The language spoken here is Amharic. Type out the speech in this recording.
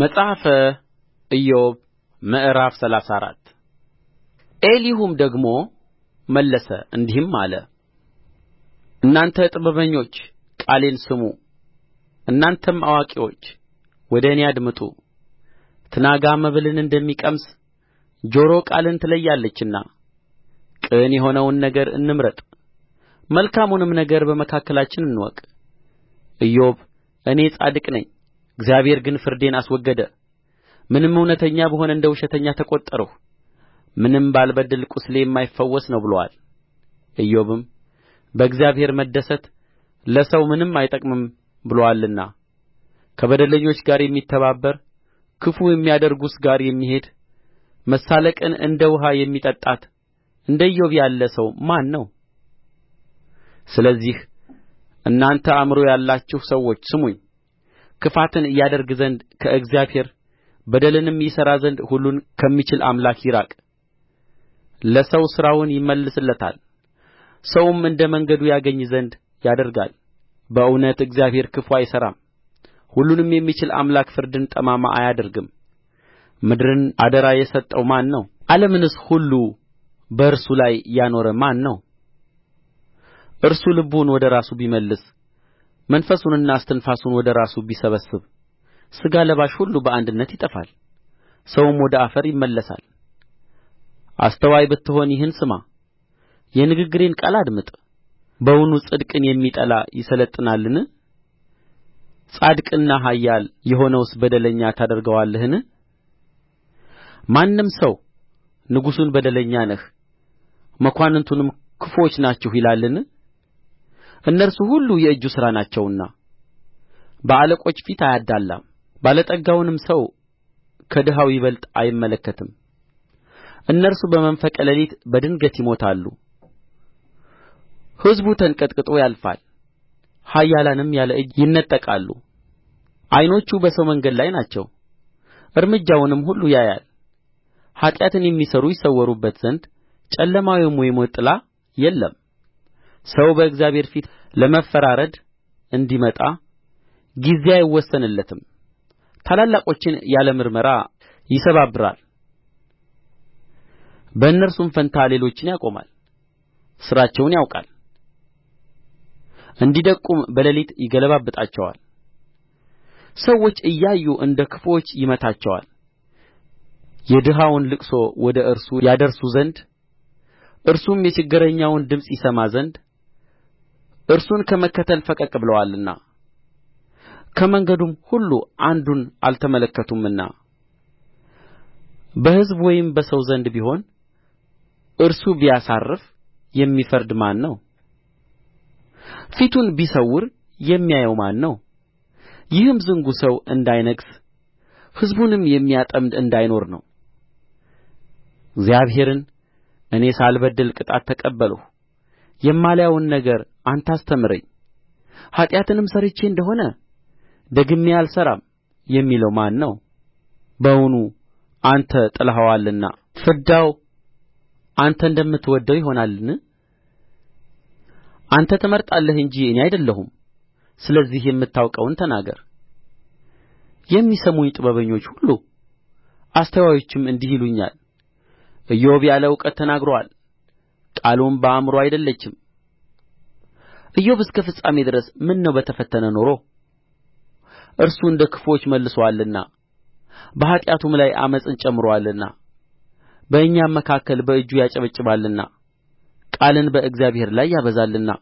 መጽሐፈ ኢዮብ ምዕራፍ ሰላሳ አራት ኤሊሁም ደግሞ መለሰ እንዲህም አለ እናንተ ጥበበኞች ቃሌን ስሙ እናንተም አዋቂዎች ወደ እኔ አድምጡ ትናጋ መብልን እንደሚቀምስ ጆሮ ቃልን ትለያለችና ቅን የሆነውን ነገር እንምረጥ መልካሙንም ነገር በመካከላችን እንወቅ ኢዮብ እኔ ጻድቅ ነኝ እግዚአብሔር ግን ፍርዴን አስወገደ ምንም እውነተኛ ብሆን እንደ ውሸተኛ ተቈጠርሁ ምንም ባልበድል ቍስሌ የማይፈወስ ነው ብሎአል ኢዮብም በእግዚአብሔር መደሰት ለሰው ምንም አይጠቅምም ብሎአልና ከበደለኞች ጋር የሚተባበር ክፉ የሚያደርጉስ ጋር የሚሄድ መሳለቅን እንደ ውኃ የሚጠጣት እንደ ኢዮብ ያለ ሰው ማን ነው ስለዚህ እናንተ አእምሮ ያላችሁ ሰዎች ስሙኝ ክፋትን ያደርግ ዘንድ ከእግዚአብሔር በደልንም ይሠራ ዘንድ ሁሉን ከሚችል አምላክ ይራቅ ለሰው ሥራውን ይመልስለታል ሰውም እንደ መንገዱ ያገኝ ዘንድ ያደርጋል በእውነት እግዚአብሔር ክፉ አይሠራም ሁሉንም የሚችል አምላክ ፍርድን ጠማማ አያደርግም ምድርን አደራ የሰጠው ማን ነው ዓለምንስ ሁሉ በእርሱ ላይ ያኖረ ማን ነው እርሱ ልቡን ወደ ራሱ ቢመልስ መንፈሱንና እስትንፋሱን ወደ ራሱ ቢሰበስብ ሥጋ ለባሽ ሁሉ በአንድነት ይጠፋል ሰውም ወደ አፈር ይመለሳል አስተዋይ ብትሆን ይህን ስማ የንግግሬን ቃል አድምጥ በውኑ ጽድቅን የሚጠላ ይሠለጥናልን ጻድቅና ኃያል የሆነውስ በደለኛ ታደርገዋለህን ማንም ሰው ንጉሡን በደለኛ ነህ መኳንንቱንም ክፉዎች ናችሁ ይላልን እነርሱ ሁሉ የእጁ ሥራ ናቸውና በአለቆች ፊት አያዳላም ባለጠጋውንም ሰው ከድሀው ይበልጥ አይመለከትም እነርሱ በመንፈቀ ሌሊት በድንገት ይሞታሉ ሕዝቡ ተንቀጥቅጦ ያልፋል ኃያላንም ያለ እጅ ይነጠቃሉ ዓይኖቹ በሰው መንገድ ላይ ናቸው እርምጃውንም ሁሉ ያያል ኃጢአትን የሚሠሩ ይሰወሩበት ዘንድ ጨለማ ወይም የሞት ጥላ የለም ሰው በእግዚአብሔር ፊት ለመፈራረድ እንዲመጣ ጊዜ አይወሰንለትም ታላላቆችን ያለ ምርመራ ይሰባብራል በእነርሱም ፋንታ ሌሎችን ያቆማል ሥራቸውን ያውቃል እንዲደቁም በሌሊት ይገለባብጣቸዋል ሰዎች እያዩ እንደ ክፉዎች ይመታቸዋል የድሃውን ልቅሶ ወደ እርሱ ያደርሱ ዘንድ እርሱም የችግረኛውን ድምፅ ይሰማ ዘንድ እርሱን ከመከተል ፈቀቅ ብለዋልና ከመንገዱም ሁሉ አንዱን አልተመለከቱምና በሕዝብ ወይም በሰው ዘንድ ቢሆን እርሱ ቢያሳርፍ የሚፈርድ ማን ነው? ፊቱን ቢሰውር የሚያየው ማን ነው? ይህም ዝንጉ ሰው እንዳይነግሥ ሕዝቡንም የሚያጠምድ እንዳይኖር ነው። እግዚአብሔርን እኔ ሳልበድል ቅጣት ተቀበልሁ የማላየውን ነገር አንተ አስተምረኝ ኃጢአትንም ሠርቼ እንደ ሆነ ደግሜ አልሠራም የሚለው ማን ነው በውኑ አንተ ጥለኸዋልና ፍዳው አንተ እንደምትወደው ይሆናልን አንተ ትመርጣለህ እንጂ እኔ አይደለሁም ስለዚህ የምታውቀውን ተናገር የሚሰሙኝ ጥበበኞች ሁሉ አስተዋዮችም እንዲህ ይሉኛል ኢዮብ ያለ እውቀት ተናግሮአል ቃሉም በአእምሮ አይደለችም ኢዮብ እስከ ፍጻሜ ድረስ ምነው በተፈተነ ኖሮ እርሱ እንደ ክፉዎች መልሶአልና በኃጢአቱም ላይ ዓመፅን ጨምሮአልና በእኛም መካከል በእጁ ያጨበጭባልና ቃልን በእግዚአብሔር ላይ ያበዛልና